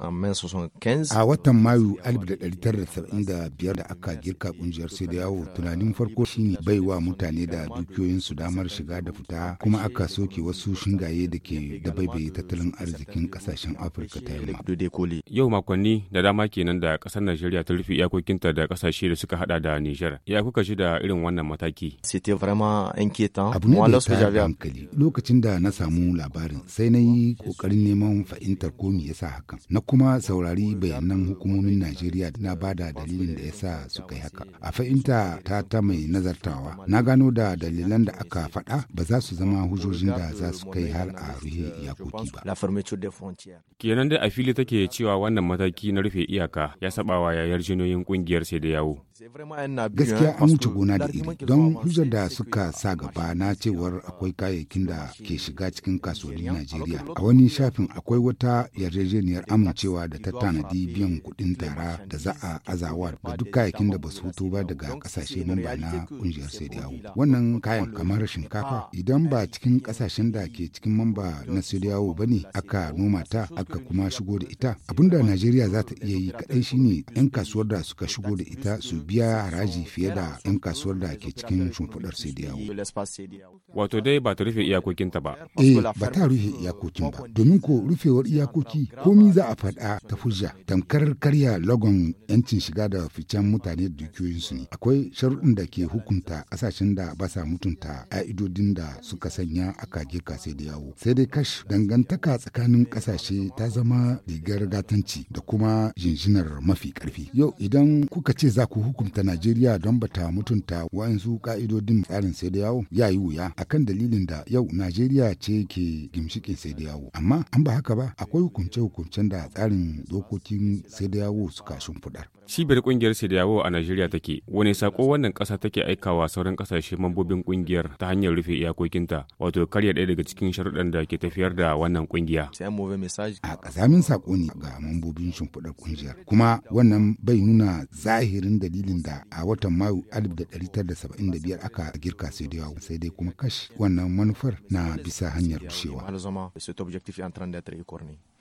A watan Mayu 1975 da aka girka kungiyar sai da yawo tunanin farko shine wa mutane da dukiyoyinsu damar shiga da fita kuma aka soke wasu shingaye da ke da baibaye tattalin arzikin kasashen Afirka ta yamma. Yau makonni da dama kenan da kasar Najeriya ta rufe iyakokinta da kasashe da suka hada da Nijar. Ya kuka shi da irin wannan mataki? Abu ne da ta hankali. Lokacin da na samu labarin sai na yi kokarin neman fahimtar ko me yasa hakan. Na kuma saurari bayanan hukumomin Najeriya na ba da dalilin da ya sa su kai haka. A fahimta ta ta mai nazartawa, na gano da dalilan da aka faɗa ba za su zama hujjojin da za su kai har a rufe iyakoki ba. Kenan dai a fili take cewa wannan mataki na rufe iyaka ya sabawa yayar jinoyin kungiyar sai da yawo. gaskiya an wuce gona da iri don hujjar da suka sa gaba na cewar akwai kayayyakin da ke shiga cikin kasuwannin najeriya a wani shafin akwai wata yarjejeniyar amincewa da ta tanadi biyan kuɗin tara da za a azawa da duk kayayyakin da ba su fito ba daga ƙasashe mamba na kungiyar sai wannan kayan kamar shinkafa idan ba cikin ƙasashen da ke cikin mamba na sai ba ne aka noma ta aka kuma shigo da ita abinda najeriya za ta iya yi kaɗai shine 'yan kasuwar da suka shigo da ita su bi biya haraji fiye da 'yan kasuwar da ke cikin shimfiɗar sai Wato dai ba ta rufe iyakokinta ba. Eh ba ta rufe iyakokin ba. Domin ko rufewar iyakoki komi za a faɗa ta fujja tamkar karya lagon 'yancin shiga da ficen mutane da dukiyoyinsu ne. Akwai sharuɗin da ke hukunta ƙasashen da ba sa mutunta ƙa'idodin da suka sanya aka girka sai da yawo. Sai dai kash dangantaka tsakanin ƙasashe ta zama rigar gatanci da kuma jinjinar mafi ƙarfi. Yau idan kuka ce za ku hukunta Najeriya don bata mutunta wa'ansu ka'idodin tsarin sai da yawo ya yi wuya kan dalilin da yau Najeriya ce ke gimshikin sai da yawo. Amma an ba haka ba akwai hukunce-hukuncen da tsarin dokokin sai da yawo suka shimfiɗar. Cibiyar kungiyar sai da yawo a Najeriya take wani sako wannan ƙasa take aikawa sauran ƙasashe mambobin kungiyar ta hanyar rufe iyakokinta wato karya ɗaya daga cikin sharuɗan da ke tafiyar da wannan kungiya. A ƙazamin sako ne ga mambobin shimfiɗar kungiyar kuma wannan bai nuna zahirin dalilin dalilin da a watan mayu 1975 aka girka sai da yawon sai dai kuma kash wannan manufar na bisa hanyar rushewa.